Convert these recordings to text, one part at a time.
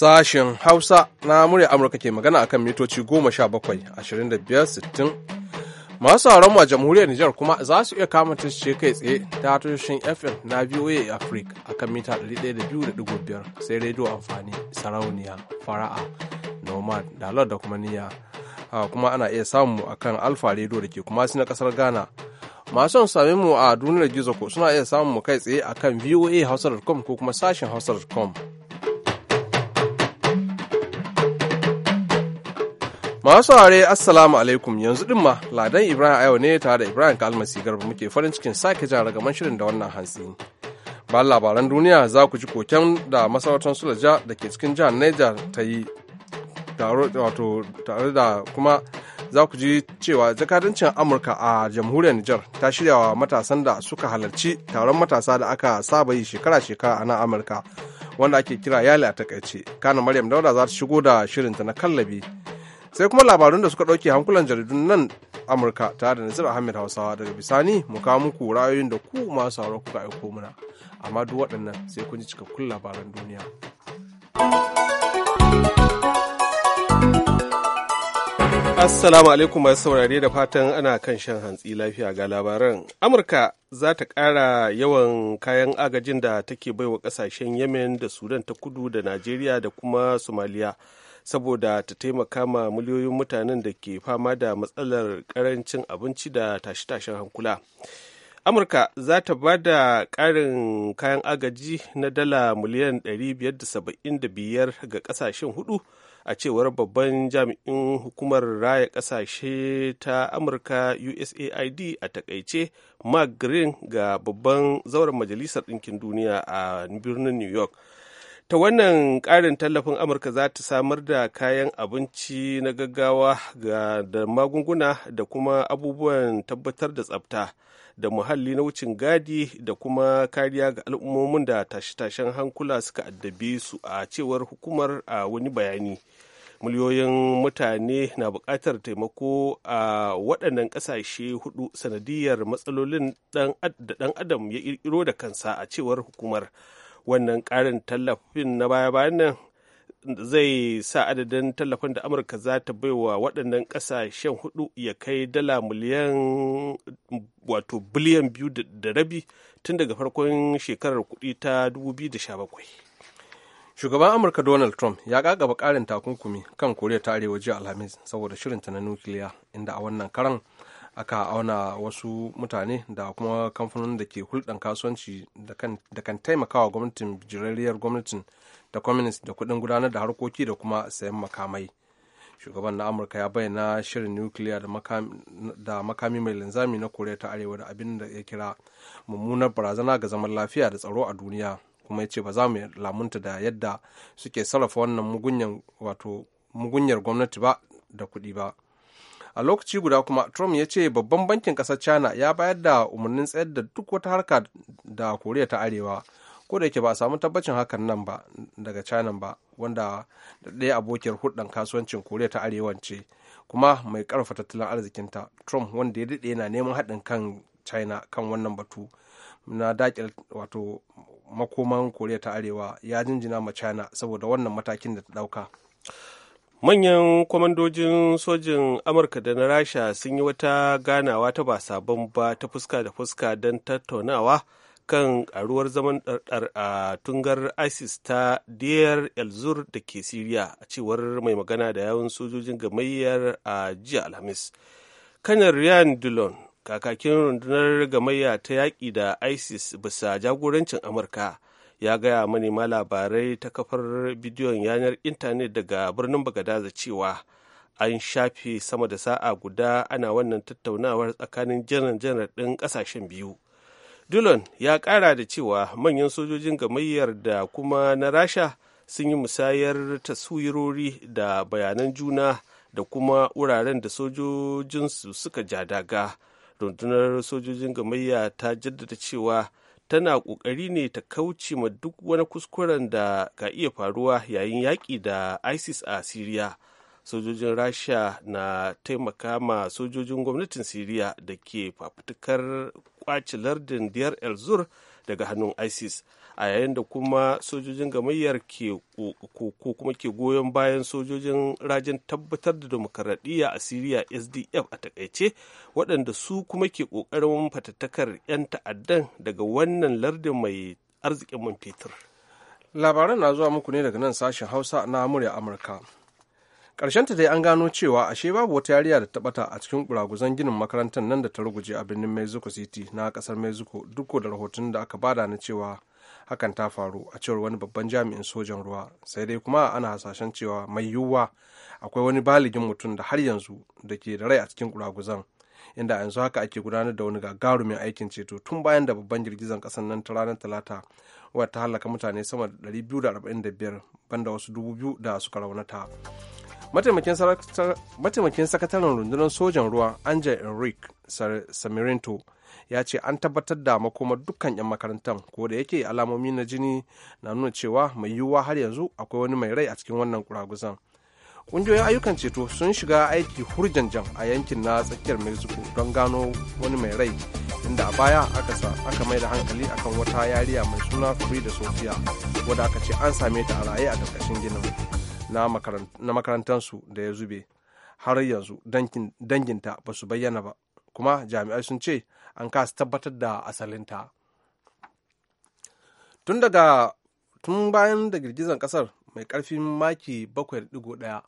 Sashen Hausa na murya Amurka ke magana akan mitoci goma sha bakwai ashirin da biyar sittin. Masu sauran a jamhuriyar Nijar kuma za su iya kama ce kai tsaye ta tushen FM na VOA Africa akan mita ɗari ɗaya da da biyar, sai rediyo amfani sarauniya fara'a nomad dalar da kuma niyya kuma ana iya samu akan alfa rediyo da ke kuma na kasar Ghana. masu same mu a duniyar gizo ko suna iya samun mu kai tsaye akan Hausa.com ko kuma sashen hausa.com Masu ware Assalamu alaikum yanzu din ma Ladan Ibrahim Ayo ne tare da Ibrahim Kalmasi Garba muke farin cikin sake jan ragaman shirin da wannan hantsi. Ba labaran duniya za ku ji kokan da masarautar Sulaja da ke cikin jihar Niger ta yi tare da kuma za ku ji cewa jakadancin Amurka a jamhuriyar niger ta shirya wa matasan da suka halarci taron matasa da aka saba yi shekara-shekara a nan Amurka wanda ake kira yali a takaice. Kana Maryam Dauda za ta shigo da shirinta na kallabi. sai kuma labarun da suka ɗauke hankulan jaridun nan amurka tare da nasir ahmed hausawa daga bisani mu kawo muku ra'ayoyin da ku masu sauraro kuka aiko mana amma duk waɗannan sai kun ji cikakkun labaran duniya Assalamu alaikum masu saurare da fatan ana kan shan hantsi lafiya ga labaran. Amurka za ta ƙara yawan kayan agajin da take baiwa ƙasashen yamen da Sudan ta kudu da Najeriya da kuma Somaliya. saboda ta taimaka ma miliyoyin mutanen da ke fama da matsalar karancin abinci da tashe-tashen hankula amurka za ta ba da karin kayan agaji na dala miliyan 575 ga kasashen hudu a cewar babban jami'in hukumar raya kasashe ta amurka usaid a takaice mark green ga babban zauren majalisar ɗinkin duniya a birnin new york ta wannan ƙarin tallafin amurka za ta samar da kayan abinci na gaggawa ga da magunguna da kuma abubuwan tabbatar da tsabta da muhalli na wucin gadi da kuma kariya ga al'ummomin da tashe-tashen hankula suka addabe su a cewar hukumar a wani bayani miliyoyin mutane na buƙatar taimako a waɗannan ƙasashe hudu sanadiyar matsalolin da ɗan adam ya ƙirƙiro da kansa a cewar hukumar wannan karin tallafin na baya-bayan nan zai sa adadin tallafin da amurka za ta wa waɗannan ƙasashen hudu ya kai dala miliyan wato biliyan biyu da rabi tun daga farkon shekarar kuɗi ta 2017 shugaban amurka donald trump ya gagaba ƙarin takunkumi kan koriya ta arewa jiya alhamis saboda shirinta na nukiliya inda a wannan karan aka auna wasu mutane da kuma kamfanonin da ke hulɗan kasuwanci da kan taimakawa gwamnatin bijirarriyar gwamnatin da communist da kuɗin gudanar da harkoki da kuma sayan makamai shugaban na amurka ya bayyana shirin nukiliya da makami mai linzami na koriya ta arewa da abin da ya kira mummunar barazana ga zaman lafiya da tsaro a duniya kuma ya ce ba za mu lamunta da yadda suke sarrafa wannan mugunyar gwamnati ba da kuɗi ba a lokaci guda kuma trump ya ce babban bankin kasar china ya bayar da umarnin tsayar da duk wata harka da koriya ta arewa ko da yake ba a samu tabbacin hakan nan ba daga china ba wanda da ɗaya abokiyar hudun kasuwancin koriya ta arewa ce kuma mai karfa tattalin arzikinta trump wanda ya daɗe yana neman haɗin kan china kan wannan batu na daƙil wato makoman koriya ta arewa ya jinjina ma china saboda wannan matakin da ta ɗauka manyan kwamandojin sojin amurka da na rasha sun yi wata ganawa ta ba sabon ba ta fuska da fuska don tattaunawa kan karuwar zaman ɗarɗar a tungar isis ta diyar elzur da ke siriya a cewar mai magana da yawun sojojin gamayyar a jiya alhamis kanar ryan dillon kakakin rundunar gamayya ta yaƙi da isis bisa jagorancin amurka ya gaya manema labarai ta kafar bidiyon yanar intanet daga birnin bagadaza cewa an shafe sama da sa'a guda ana wannan tattaunawar tsakanin janar-janar ɗin ƙasashen biyu dillon ya ƙara da cewa manyan sojojin gamayyar da kuma na rasha sun yi musayar taswirori da bayanan juna da kuma wuraren da sojojinsu suka ja daga rundunar sojojin gamayya ta jaddada cewa tana ƙoƙari ne ta kauce ma duk wani kuskuren da ka iya faruwa yayin yaƙi da isis a siriya sojojin rasha na taimaka ma sojojin gwamnatin siriya da ke fafutukar kwaci lardin diyar el zur daga hannun isis a yayin da kuma sojojin gamayyar ke ko kuma ke goyon bayan sojojin rajin tabbatar da demokaradiyya a siriya sdf a takaice waɗanda su kuma ke ƙoƙarin fatattakar 'yan ta'addan daga wannan lardin mai arzikin man fetur labaran na zuwa muku ne daga nan sashen hausa na murya amurka ƙarshen ta dai an gano cewa ashe babu wata yariya da ta bata a cikin kuraguzan ginin makarantar nan da ta ruguje a birnin mexico city na kasar mexico duk da rahoton da aka bada na cewa hakan ta faru a cewar wani babban jami'in sojan ruwa sai dai kuma ana hasashen cewa mai yiwuwa akwai wani baligin mutum da har yanzu da ke da rai a cikin kuraguzan inda a yanzu haka ake gudanar da wani gagarumin aikin ceto tun bayan da babban girgizan kasan nan ta ranar talata wadda ta halaka mutane sama da 245 banda wasu dubu 2000 da suka raunata mataimakin sakataren rundunar sojan ruwa anja enrique samirinto ya ce an tabbatar da makomar dukkan 'yan makarantar ko da yake alamomi na jini na nuna cewa mai yiwuwa har yanzu akwai wani mai rai a cikin wannan kuraguzan ƙungiyoyin ayyukan ceto sun shiga aiki hurjanjan a yankin na tsakiyar mexico don gano wani mai rai inda a baya aka aka mai da hankali akan wata yariya mai suna da Sofia wadda aka ce an same ta a raye a ƙarƙashin ginin na makarantarsu da ya zube har yanzu danginta ba su bayyana ba kuma jami'ai sun ce an kasa tabbatar da asalinta tun daga tun bayan da girgizar kasar mai karfin maki 7.1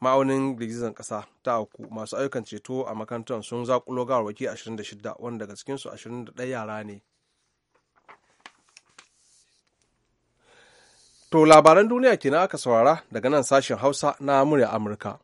ma'aunin girgizar kasa ta auku masu ayyukan ceto a makarantar sun zakulo gawarwaki 26 wanda daga cikinsu 21 yara ne to labaran duniya kenan aka saurara daga nan sashen hausa na murya amurka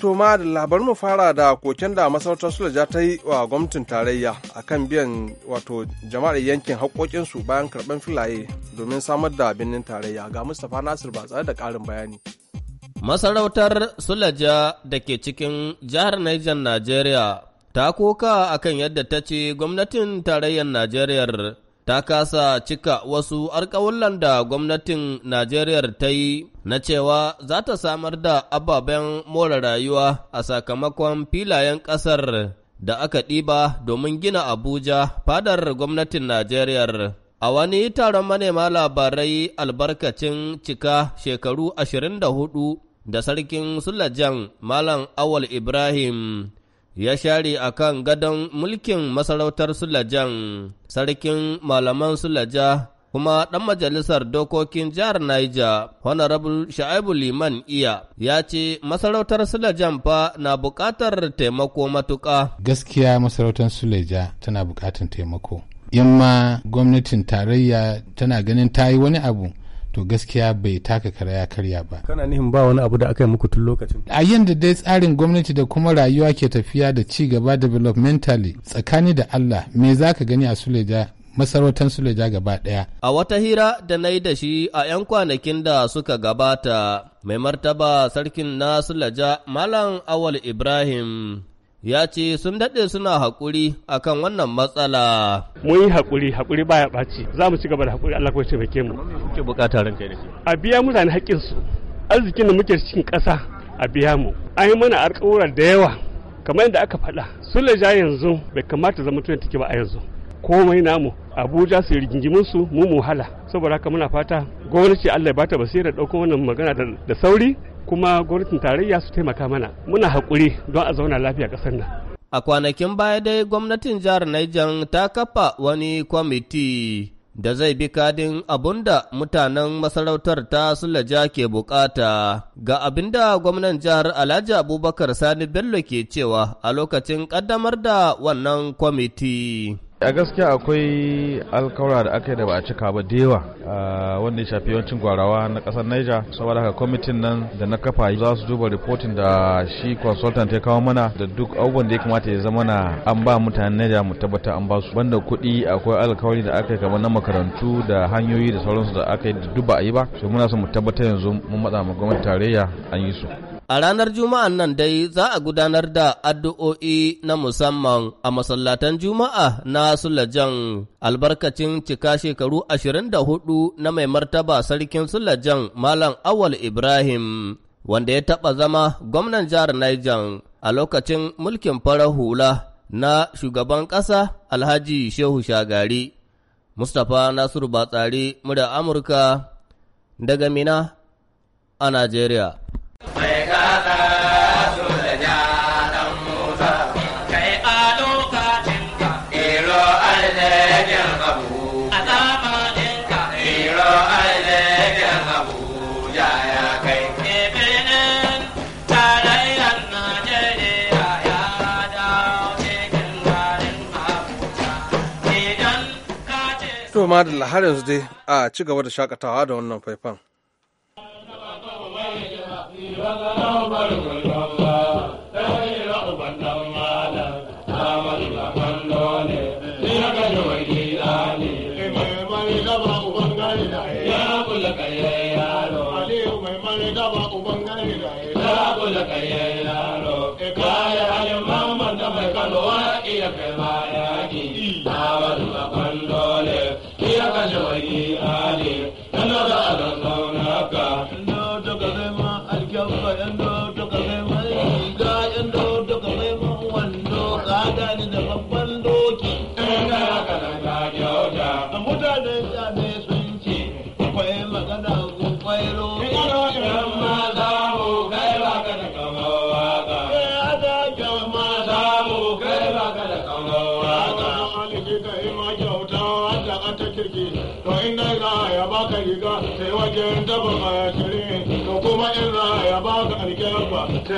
To ma da labar mu fara da koken da masarautar Sulaja ta yi wa gwamnatin tarayya a kan biyan wato jama'ar yankin haƙoƙinsu bayan karɓar filaye domin samar da birnin tarayya ga Mustapha Nasir ba tsare da ƙarin bayani. Masarautar Sulaja da ke cikin jihar Niger Najeriya ta koka akan yadda ta ce gwamnatin tarayyar najeriyar ta kasa cika wasu alkawullan da gwamnatin Najeriya ta yi na cewa za ta samar da ababen more rayuwa a sakamakon filayen ƙasar da aka ɗiba domin gina Abuja fadar gwamnatin Najeriya. A wani taron manema labarai albarkacin cika shekaru ashirin hudu da sarkin Sulajan Malam Awal Ibrahim ya share a kan gadon mulkin masarautar Sulajan, sarkin malaman Sulaja, kuma ɗan majalisar dokokin jihar Niger, Honorable Sha'ibu Liman Iya, ya ce masarautar Sulajan fa na buƙatar taimako matuƙa. Gaskiya masarautar Sulaja tana buƙatar taimako. Yamma gwamnatin tarayya tana ganin ta yi wani abu to gaskiya bai taka kara ya karya ba kana nihin ba wani abu da aka yi muku tun lokacin a da dai tsarin gwamnati da kuma rayuwa ke tafiya da ci gaba developmentally tsakani da Allah me za ka gani a Suleja masarautar Suleja gaba ɗaya. A wata hira da na yi da shi a 'yan kwanakin da suka gabata, mai martaba sarkin na Suleja Malam Awal Ibrahim ya ce sun daɗe suna haƙuri akan wannan matsala. Mun yi haƙuri, haƙuri baya ɓaci, za mu ci gaba da haƙuri Allah kuma bake mu. Ke buƙata ran kai A biya mutane haƙƙinsu, arzikin da muke cikin ƙasa a biya mu. An yi mana alƙawura da yawa, kamar yadda aka faɗa, sulaja yanzu bai kamata zama tuna take ba a yanzu. komai namu abuja su rigingimin su mu muhala saboda haka muna fata gwamnati allah ya bata basira ɗaukar wannan magana da sauri kuma gwamnatin tarayya su taimaka mana muna haƙuri don a zauna lafiya ƙasar nan A kwanakin baya dai gwamnatin jihar Niger ta kafa wani kwamiti da zai bi kadin abunda mutanen masarautar ta Sulaja ke bukata. Ga abinda gwamnan jihar Alhaji Abubakar Sani Bello ke cewa a lokacin ƙaddamar da wannan kwamiti. a gaskiya akwai alkawura da aka yi da ba a cika ba da yawa wanda ya shafi yawancin gwarawa na kasar Niger saboda haka kwamitin nan da na kafa za su duba reporting da shi consultant ya kawo mana da duk abubuwan da ya kamata ya zama na an ba mutanen Niger mu tabbata an ba su banda kuɗi akwai alkawari da aka yi kamar na makarantu da hanyoyi da sauransu da aka yi duk ba a yi ba to muna son mu tabbatar yanzu mun matsa ma gwamnati tarayya an yi su A ranar Juma'an nan dai za a gudanar da addu'o'i na musamman a masallatan Juma'a na Sulajan albarkacin cika shekaru ashirin da hudu na mai martaba sarkin Sulajan Malam Awal Ibrahim, wanda ya taɓa zama gwamnan jihar Niger a lokacin mulkin farar hula na shugaban ƙasa Alhaji Shehu Shagari. Mustapha Nasiru Batsari, murya Amurka, daga Mina a Najeriya. kuma da har yanzu dai a ci gaba da shakatawa da wannan faifan.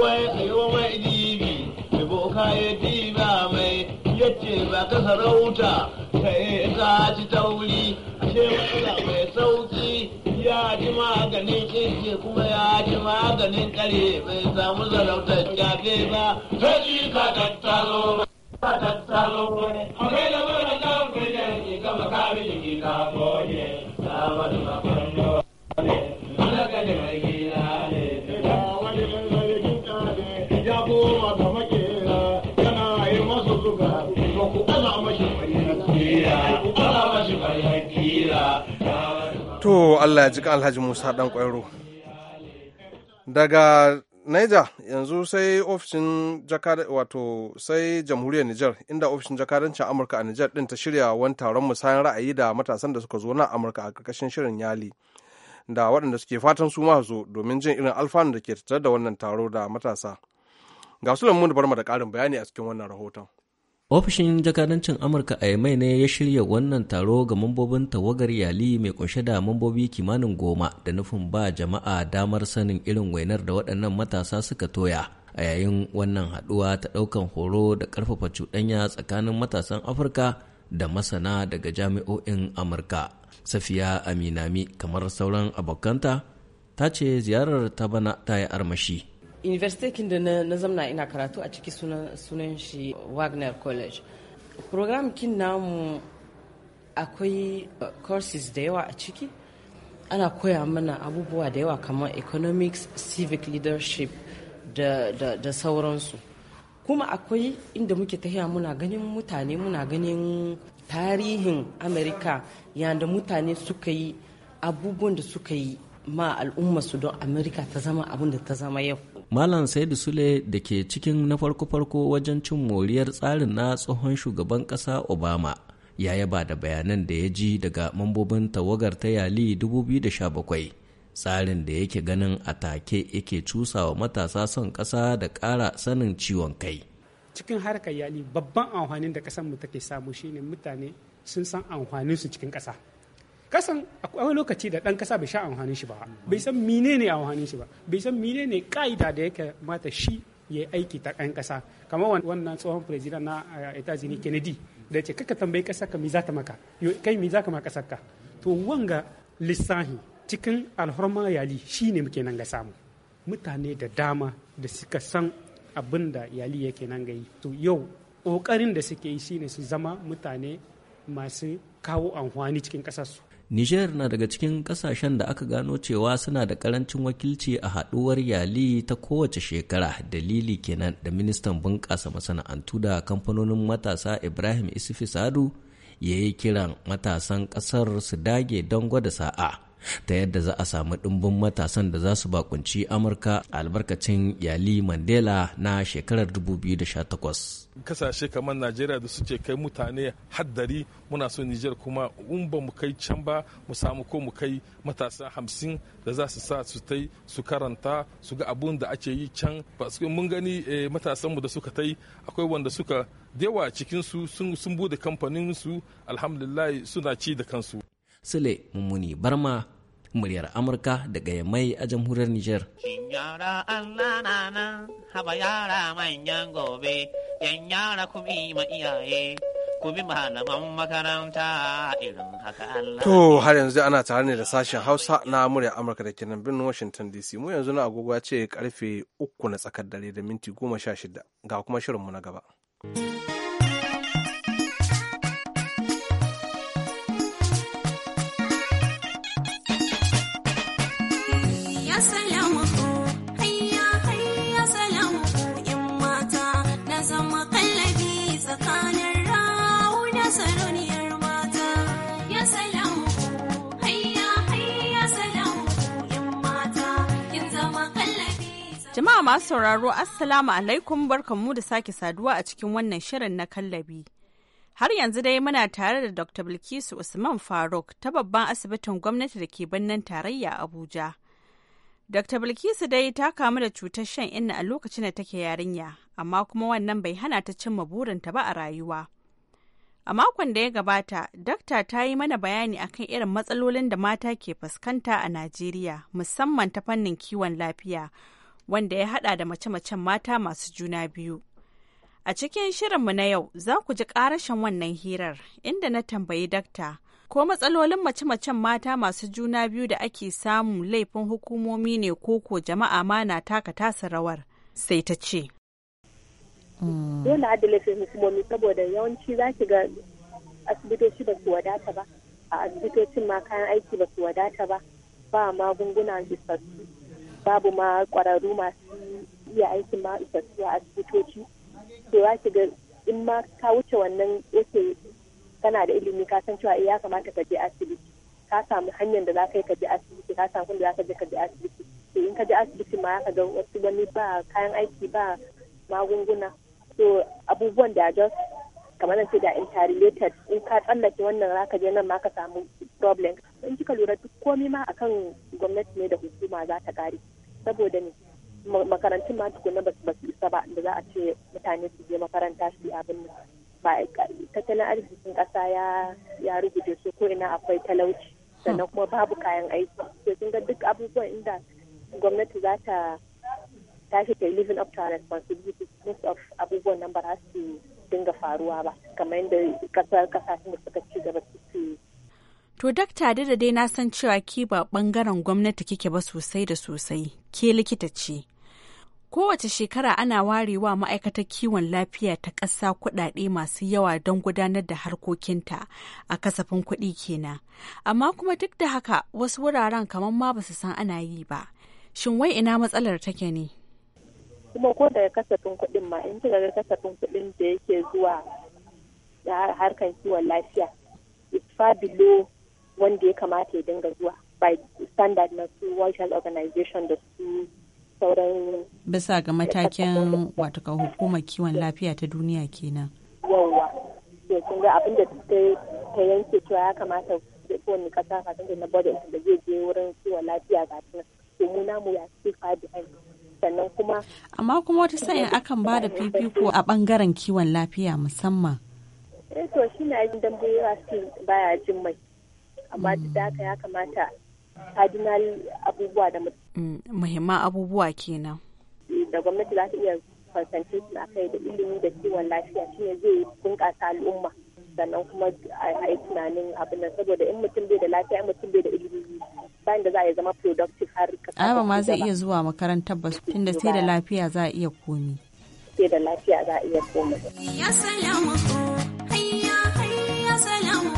wai a yi mai dibi mai boka ya diba mai yace ba ka sarauta ka yi ka ci tauri ashe matsala mai sauki ya ji maganin kirki kuma ya ji maganin kare bai samu sarautar jabe ba ta ji ka tattalo ka tattalo wani akwai da mara kan fitar ki kama kami jiki ka boye ta wani makon yau ne mana ganin rage To Allah ya ji Alhaji Musa ɗan ƙwairo. Daga Niger yanzu sai ofishin wato sai jamhuriyar Nijar inda ofishin jakadancin Amurka a Nijar ɗin ta shirya wani taron musayan ra'ayi da matasan da suka zo na Amurka a ƙarƙashin shirin Yali. Da waɗanda suke fatan su ma zo domin jin irin alfanu da ke tattare da wannan taro da matasa. Ga su lamu da barma da ƙarin bayani a cikin wannan rahoton. ofishin jakadancin amurka a yamai ne ya shirya wannan taro ga mambobin tawagar yali mai kunshe da mambobi kimanin goma da nufin ba jama'a damar sanin irin wainar da waɗannan matasa suka toya a yayin wannan haɗuwa ta ɗaukan horo da ƙarfafa cuɗanya tsakanin matasan afirka da masana daga jami'o'in amurka safiya aminami kamar sauran abokanta ta ce ziyarar ta bana ta yi armashi university kin da na zamna ina karatu a ciki sunan shi wagner college program kin namu akwai uh, courses da yawa a ciki ana koya mana abubuwa da yawa kamar economics civic leadership da, sauransu kuma akwai inda muke tahiya muna ganin mutane muna ganin tarihin amerika yadda mutane suka yi abubuwan da suka yi ma al'umma su don amerika ta zama abin da ta zama yau Malam Saidu Sule da ke cikin na farko-farko wajen cin moriyar tsarin na tsohon shugaban ƙasa Obama ya yaba da bayanan da ya ji daga mambobin tawagar ta Yali 2017 tsarin da yake ganin a take yake wa matasa son ƙasa da ƙara sanin ciwon kai. Cikin harkar Yali babban amfanin da ƙasar take samu shine mutane sun san amfanin su cikin ƙasa. kasan akwai lokaci da ɗan kasa bai sha amfanin shi ba bai san mine ne amfanin shi ba bai san mine ne ka'ida da ya kamata shi ya aiki ta ɗan kasa kamar wannan tsohon president na etazini eh, kennedy da ce kaka tambayi kasar ka mi za ta maka kai mi za ka ma kasar ka to wanga lissahi cikin alhorma yali ne muke nan ga samu mutane da dama da suka san abin da yali yake nan ga yi to yau ƙoƙarin da suke yi shine su zama mutane masu kawo amfani cikin ƙasarsu Nijar na daga cikin kasashen da aka gano cewa suna da karancin wakilci a haɗuwar yali ta kowace shekara dalili kenan da ministan bunƙasa masana'antu da kamfanonin matasa Ibrahim isifisadu ya yi kiran matasan ƙasar su dage don gwada sa'a. ta yadda za a samu ɗimbin matasan da za su bakunci amurka albarkacin yali mandela na shekarar 2018 kasashe kamar najeriya da suke kai mutane haddari muna so nijar kuma in ba mu kai can ba mu samu ko mu kai matasa hamsin da za su sa su tai su karanta su ga abun da ake yi can mun gani eh, matasanmu da suka tai akwai wanda suka da yawa cikinsu sun bude kamfaninsu alhamdulillah suna ci da kansu Sule Mummuni Barma muryar Amurka daga Yamai a jamhuriyar Nijar. haba yara manyan gobe, yan yara kuma ma iyaye. malaman To har yanzu ana tare ne da sashen Hausa na murya Amurka da kenan birnin Washington DC. Mu yanzu na agogo ya ce karfe uku na tsakar dare da minti goma sha shida. Ga kuma shirinmu na gaba. Jama'a masu sauraro Assalamu alaikum barkanmu da sake saduwa a cikin wannan shirin na kallabi. Har yanzu dai muna tare da Dr. Bilkisu Usman Faruk ta babban asibitin gwamnati da ke birnin tarayya Abuja. Dr. Bilkisu dai ta kamu da cutar shan inna a lokacin da take yarinya, amma kuma wannan bai hana ta cimma burinta ba a rayuwa. A makon da ya gabata, dakta ta yi mana bayani akan irin matsalolin da mata ke fuskanta a Najeriya, musamman ta fannin kiwon lafiya. wanda ya hada da mace-macen mata masu juna biyu. A cikin shirinmu na yau za ku ji ƙarashin wannan hirar inda na tambayi dakta ko matsalolin mace-macen mata masu juna biyu da ake samu laifin hukumomi ne ko ko jama'a ma na taka tasa rawar sai ta ce. Hmm. Dole a laifin hukumomi saboda yawanci za ki ga asibitoci ba su wadata ba, a asibitocin ma kayan aiki ba su wadata ba, ba magunguna isassu. babu ma kwararru masu iya aikin ma isassu a asibitoci to ya ki ga in ma ka wuce wannan yake kana da ilimi ka san cewa eh, ya kamata ka je asibiti ka samu hanyar da za ka yi ka je asibiti ka samu da za ka je ka je asibiti to in ka je asibiti ma ka ga wasu wani ba kayan aiki ba magunguna to abubuwan da just kamar na ce da interrelated in ka tsallake wannan zaka je nan ma ka samu problem in kika lura duk komai ma akan gwamnati ne da hukuma za ta kare saboda ne makarantun ma tukuna ba su isa ba da za a ce mutane su je makaranta su yi abin nan ba tattalin arzikin kasa ya ya rubuce su ko ina akwai talauci sannan kuma babu kayan aiki to kin ga duk abubuwan inda gwamnati za ta tashi ta yi living up to our responsibility most of abubuwan nan ba su dinga faruwa ba kamar yadda kasar kasashen da suka ci gaba To dakta da dai na san cewa ki ba bangaren gwamnati kike ba sosai da sosai ke likita ce. Kowace shekara ana warewa ma'aikatar kiwon lafiya ta ƙasa kuɗaɗe masu yawa don gudanar da harkokinta a kasafin kuɗi kenan. Amma kuma duk da haka wasu wuraren kamar ma ba su san ana yi ba. Shin wai ina matsalar take ne? kuma ko daga kasafin kuɗin ma in ci daga kasafin kuɗin da yake zuwa da harkar kiwon lafiya is far below wanda ya kamata ya dinga zuwa by standard na su World Health Organization da su sauran bisa ga matakin wato ka hukumar kiwon lafiya ta duniya kenan yawwa to kun ga abin da ta yanke cewa ya kamata kowane kasa ka na budget da zai je wurin kiwon lafiya ga to mu namu ya ci far behind sannan kuma amma kuma wata sanya akan ba da fifiko a bangaren kiwon lafiya musamman eh to shi na yin dambe yawa su baya jin mai amma da haka ya kamata cardinal abubuwa da mm, muhimman abubuwa kenan mm, da gwamnati za ta iya su a kai da ilimi da kiwon lafiya ne zai bunƙasa al'umma sannan kuma a yi tunanin abin nan saboda in mutum bai da lafiya in mutum bai da ilimi bayan da za a yi zama productive har ka Ai ba ma zai iya zuwa makaranta ba tunda sai da lafiya za a iya komi. Sai da lafiya za a iya komi. Ya salamu hayya hayya salamu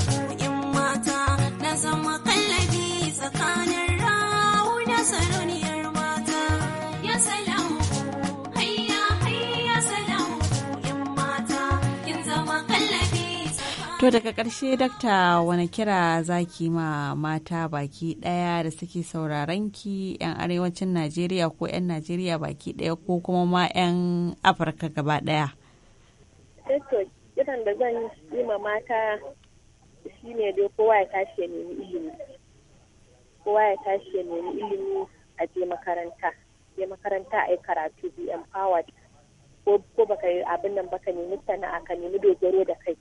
in mata na zama kallabi tsakanin rawu da saroni. To daga karshe dakta wani kira zaki ma mata baki ɗaya da suke sauraron ki 'yan arewacin Najeriya ko 'yan Najeriya baki ɗaya ko kuma ma 'yan Afirka gaba ɗaya? Eto, eh, kiran da zan yi ma mata shi ne dai kowa ya tashi ya nemi ilimi. Kowa ya tashi ya nemi ilimi a je makaranta. Je makaranta a yi karatu be empowered. Ko baka yi abin nan baka nemi sana'a ka nemi dogaro da kai.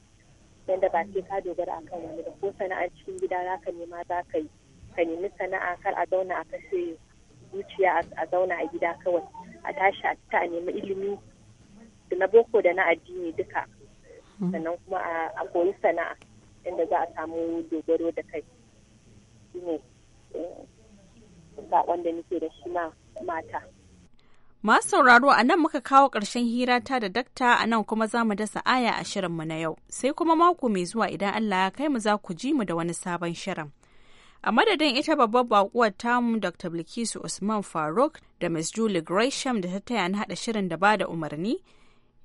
yadda ba sai ka dogara akan wani ba ko sana'a cikin gida za ka nema za ka yi ka nemi sana'a kar a zauna a kashe zuciya a zauna a gida kawai a tashi a ta a nemi ilimi da na boko da na addini duka sannan kuma a koyi sana'a yadda za a samu dogaro da kai shine eh, saƙon da nake da shi ma mata. Masu sauraro a nan muka kawo ƙarshen hira ta da dakta a nan kuma za mu dasa aya a shirinmu na yau, sai kuma mako mai zuwa idan Allah ya kai mu za ku ji mu da wani sabon shirin. A madadin ita babbar baƙuwar tamu Dr. Bilkisu Usman Faruk da Ms. Julie Gresham da ta taya na haɗa shirin da bada umarni,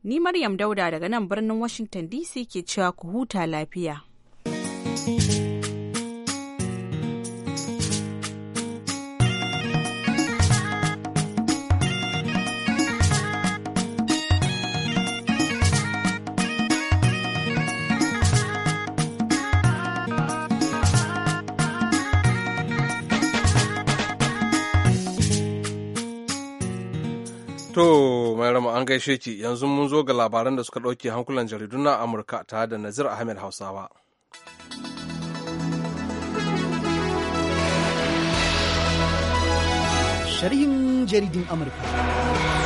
ni Maryam Dauda daga nan birnin Washington DC ke cewa ku huta lafiya. To, mai rama an gaishe ki yanzu mun zo ga labaran da suka ɗauke hankulan jaridun na Amurka tare da Nazir Ahmed Hausawa. Sharhin jaridin Amurka.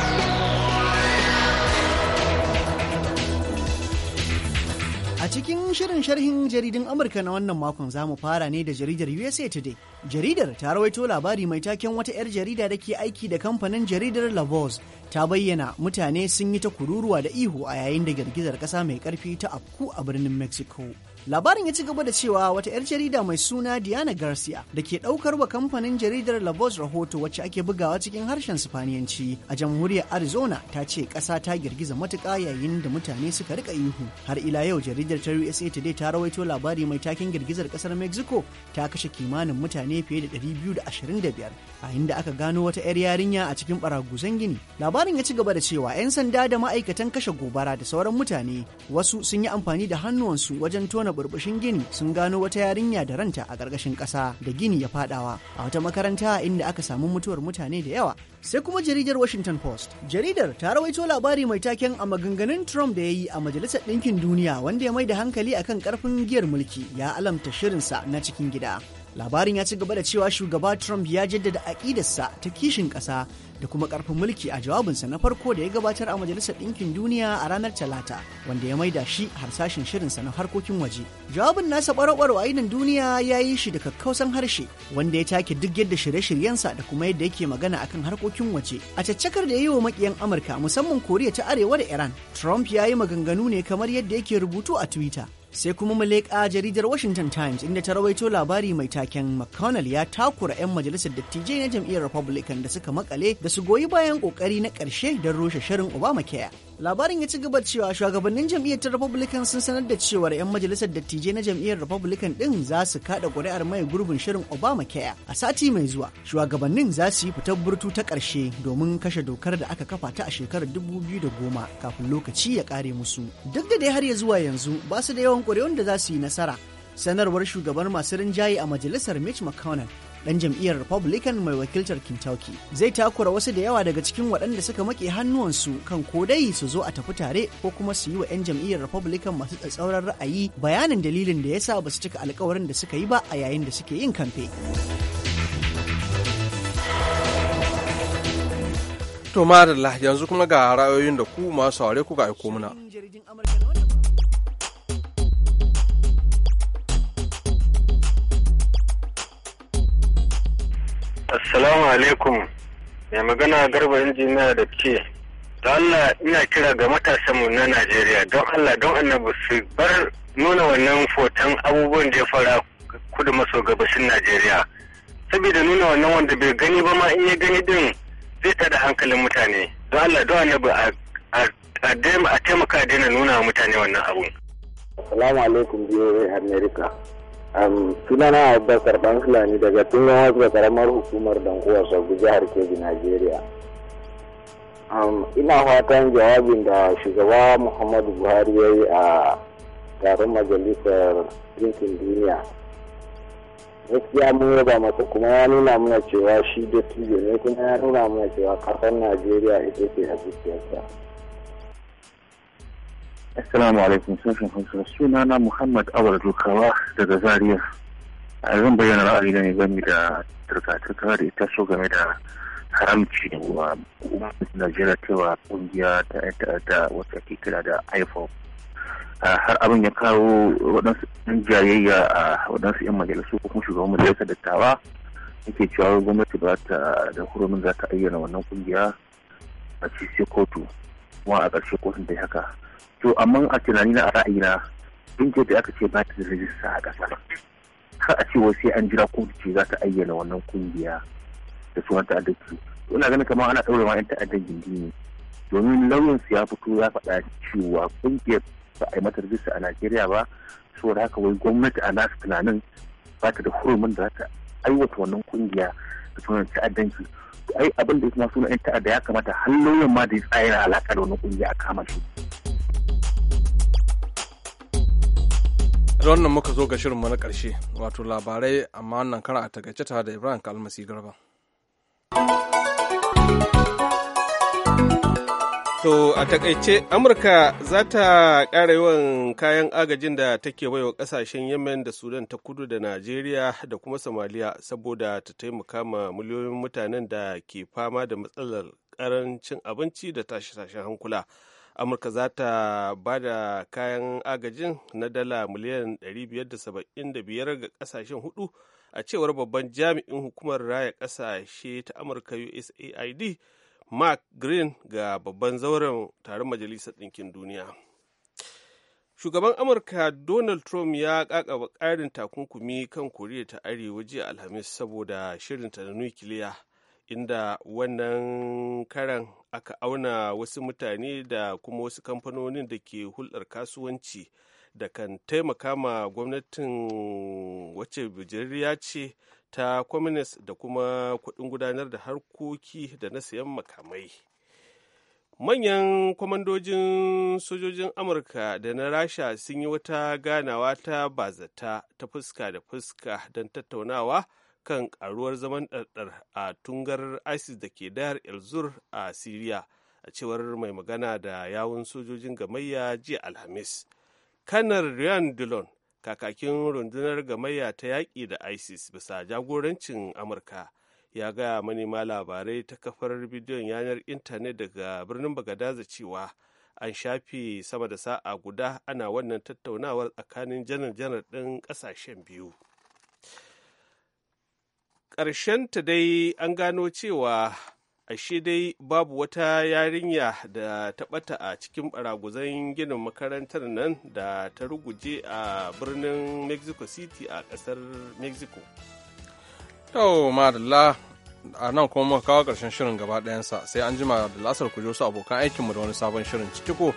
A cikin shirin sharhin jaridun Amurka na wannan makon za mu fara ne da jaridar USA Today. Jaridar ta rawaito labari mai taken wata 'yar jarida da ke aiki da kamfanin jaridar La Voz ta bayyana mutane sun yi ta kururuwa da ihu a yayin da girgizar ƙasa mai ƙarfi ta afku a birnin Mexico. Labarin ya ci gaba da cewa wata 'yar jarida mai suna Diana Garcia da ke ɗaukar wa kamfanin jaridar La Voz rahoto wacce ake bugawa cikin harshen Sifaniyanci a jamhuriyar Arizona ta ce ƙasa ta girgiza matuƙa yayin da mutane suka rika ihu. Har ila yau jaridar ta USA Today ta rawaito labari mai takin girgizar ƙasar Mexico ta kashe kimanin mutane fiye da 225 a inda aka gano wata 'yar yarinya a cikin baraguzan gini. Labarin ya ci gaba da cewa 'yan sanda da ma'aikatan kashe gobara da sauran mutane wasu sun yi amfani da hannuwansu wajen tona tona burbushin gini sun gano wata yarinya da ranta a ƙarƙashin ƙasa da gini ya fadawa a wata makaranta inda aka samu mutuwar mutane da yawa. Sai kuma jaridar Washington Post. Jaridar ta rawaito labari mai taken a maganganun Trump da ya yi a Majalisar Ɗinkin Duniya wanda ya mai da hankali akan ƙarfin giyar mulki ya alamta shirinsa na cikin gida. labarin ya ci gaba da cewa shugaba trump ya jaddada aƙidarsa ta kishin ƙasa da kuma ƙarfin mulki a jawabinsa na farko da ya gabatar a majalisar ɗinkin duniya a ranar talata wanda ya maida shi harsashin shirinsa na harkokin waje jawabin nasa ɓarɓar a duniya ya yi shi da kakkausan harshe wanda ya take duk yadda shirye-shiryensa da kuma yadda yake magana akan harkokin waje a caccakar da ya yi wa maƙiyan amurka musamman koriya ta arewa da iran trump ya yi maganganu ne kamar yadda yake rubutu a twitter sai kuma mu leƙa jaridar Washington Times inda ta rawaito labari mai taken McConnell ya takura 'yan majalisar dattijai na jam'iyyar Republican da suka makale da su goyi bayan ƙoƙari na ƙarshe don rushe shirin Obamacare. labarin ya ci gaba cewa shugabannin jam'iyyar ta republican sun sanar da cewar 'yan majalisar dattijai na jam'iyyar republican din za su kada ƙuri'ar mai gurbin shirin obama kaya a sati mai zuwa shugabannin za su yi fitar burtu ta karshe domin kashe dokar da aka kafa ta a shekarar 2010 kafin lokaci ya kare musu duk da dai har ya zuwa yanzu ba su da yawan kuri'un da za su yi nasara sanarwar shugaban masu rinjaye a majalisar mitch mcconnell ɗan jam'iyyar Republican mai wakiltar Kentucky. Zai takura wasu da yawa daga cikin waɗanda suka maƙe hannuwansu kan ko dai su zo a tafi tare ko kuma su yi wa 'yan jam'iyyar Republican masu tsatsauran ra'ayi bayanin dalilin da ya sa ba su cika alkawarin da suka yi ba a yayin da suke yin kamfe. To madalla yanzu kuma ga ra'ayoyin da ku masu aure ku kuka aiko muna. Salamu alaikum. Mai magana garba injiniya da ke Da Allah ina kira ga matasanmu na Najeriya don Allah don annabu, su bar nuna wannan foton abubuwan da ya fara kudu maso gabashin Najeriya. Saboda nuna wannan wanda bai gani ba ma in ya gani din zai tada hankalin mutane. Don Allah don annabu, a taimaka daina nuna mutane wannan abun. Assalamu alaikum biyoyi Amerika. sunana abubakar dan fulani daga tunga hasba karamar hukumar dankowa sabu jihar kebbi nigeria ina fatan jawabin da shugaba muhammadu buhari ya yi a taron majalisar ɗinkin duniya gaskiya mun yaba masa kuma ya nuna mana cewa shi da ne kuma ya nuna mana cewa kasar najeriya ita ce a zuciyarsa Assalamu alaikum sunan Hausa suna na Muhammad Awar Dukawa daga Zaria. A zan bayyana ra'ayi ne game da turka-turka da ita so game da haramci wa Najeriya cewa kungiya ta ta'adda wata ke kira da IFOP. Har abin ya kawo waɗansu ɗan jayayya a waɗansu 'yan majalisu ko kuma shugaban majalisar dattawa yake cewa gwamnati ba ta da hurumin za ta ayyana wannan kungiya a cikin kotu kuma a ƙarshe kotun da haka. to amma a tunani na a ra'ayina in ce da aka ce ba ta rajista a ƙasa har a ce wai sai an jira kotu ce za ta ayyana wannan kungiya da sunan ta'addanci ina ganin kamar ana ɗaure ma 'yan ta'addan gindi ne domin lauyan su ya fito ya faɗa cewa kungiyar ba a yi mata rajista a najeriya ba saboda haka wai gwamnati a nasu tunanin ba ta da hurumin da za ta aiwata wannan kungiya da sunan ta'addanci ai abin da ya suna 'yan ta'adda ya kamata har lauyan ma da ya na alaƙa da wannan kungiya a kama shi. da wannan muka zo ga shirinmu na ƙarshe wato labarai amma wannan kara a takaice tare da ibrahim kalmasi garba To a takaice Amurka za ta ƙara yawan kayan agajin da take baiwa ƙasashen Yemen da Sudan ta kudu da Najeriya da kuma Somalia saboda ta taimaka ma miliyoyin mutanen da ke fama da matsalar ƙarancin abinci da tashi-tashin hankula amurka za ta ba da kayan agajin na dala miliyan 575 ga kasashen hudu a cewar babban jami'in hukumar raya kasashe ta amurka usaid mark green ga babban zauren taron majalisar ɗinkin duniya shugaban amurka donald trump ya kakaba ƙarin takunkumi kan koriya ta arewa jiya alhamis saboda shirinta na nukiliya inda wannan karan aka auna wasu mutane da kuma wasu kamfanonin da ke hulɗar kasuwanci da kan taimaka ma gwamnatin wacce bijiriya ce ta communist da kuma kuɗin gudanar da harkoki da na sayan makamai manyan kwamandojin sojojin amurka da na rasha sun yi wata ganawa ta bazata ta fuska da fuska don tattaunawa kan karuwar zaman ɗarɗar a tungar isis da ke dayar elzur a siriya a cewar mai magana da yawun sojojin gamayya jiya alhamis kanar ryan dillon kakakin rundunar gamayya ta yaƙi da isis bisa jagorancin amurka ya gaya manema labarai ta kafar bidiyon yanar intanet daga birnin bagadaza cewa an shafe sama da sa'a guda ana wannan tattaunawar tsakanin janar-janar ɗin ƙasashen biyu ta dai an gano cewa ashe dai babu wata yarinya da ta ɓata a cikin baraguzan ginin makarantar nan da ta ruguje a birnin mexico city a ƙasar mexico da madalla a nan kuma muka kawo ƙarshen shirin gaba ɗayansa sai an jima da lasar ku su abokan aikinmu da wani sabon shirin ciki ko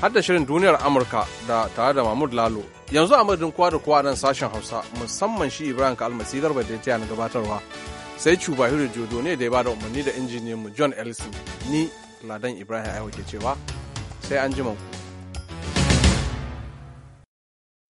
har da shirin duniyar amurka da tare da mahmud lalo yanzu a madadin kowa da kowa nan sashen hausa musamman shi ibrahim kalmasi garba da ya na gabatarwa sai cuba hiru jodo ne da ya bada umarni da injiniyan mu john ellison ni ladan ibrahim aiwa ke cewa sai an ku.